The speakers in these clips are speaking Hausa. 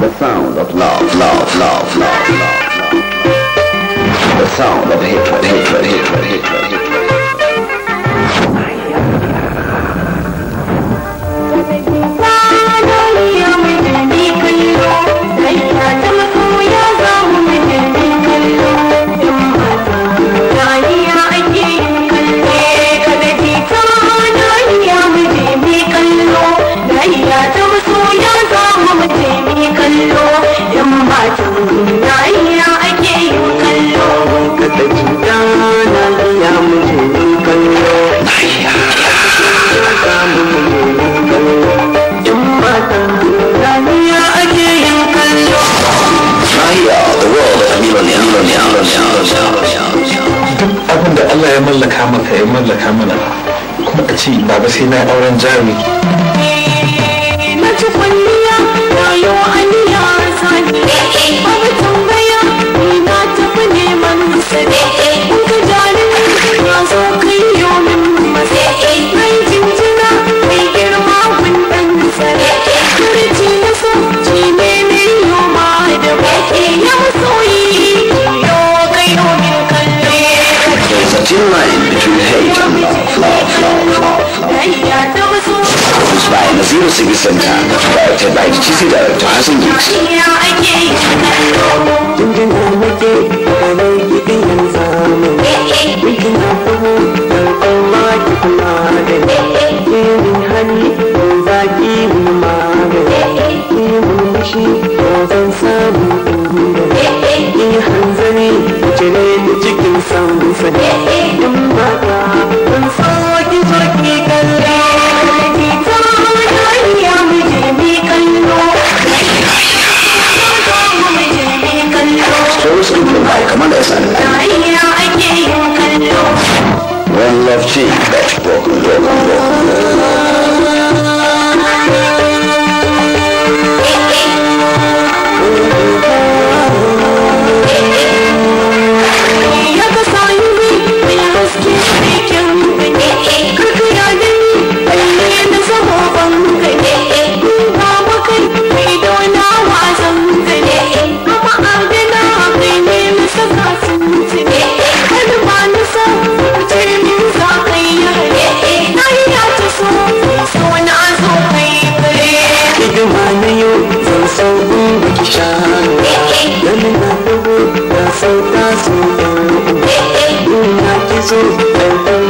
The sound of love, love, love, love, love, love. The sound of hatred, hatred, hatred, hatred, hatred. Yeah. kallo yan matan dariya ake yin kallo ka tafi dana ya muje yin kallo Duk abin da Allah ya mallaka maka ya mallaka mana kuma a ce Baba sai na auren jami. Na ci kwalliya rayuwa zero civic center directed by the chief director so na ki so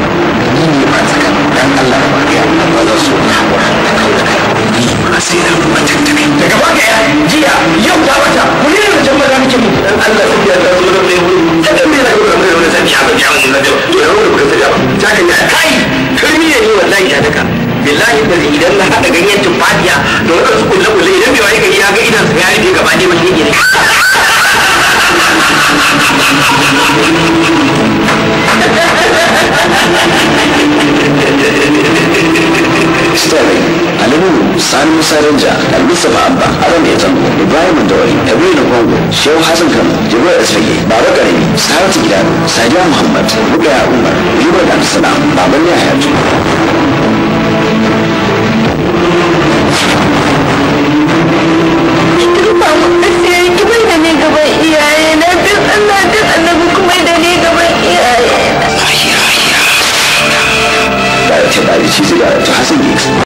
da idan na haɗa ganyen tumfatiya da waɗansu kulle-kulle idan bai waye gari ya ga idan ya rufe gaba ne ba shi Sterling, Alimu, Sani Musa Ranja, Al-Mustapha Abba, Adam Etango, Ibrahim Adawari, Kabiru Kongo, Shehu Hassan Kano, Jibril Esfage, Baba Karimi, Saratu Gidano, Sadiya Muhammad, Rukaya Umar, Jibril Amsalam, Baban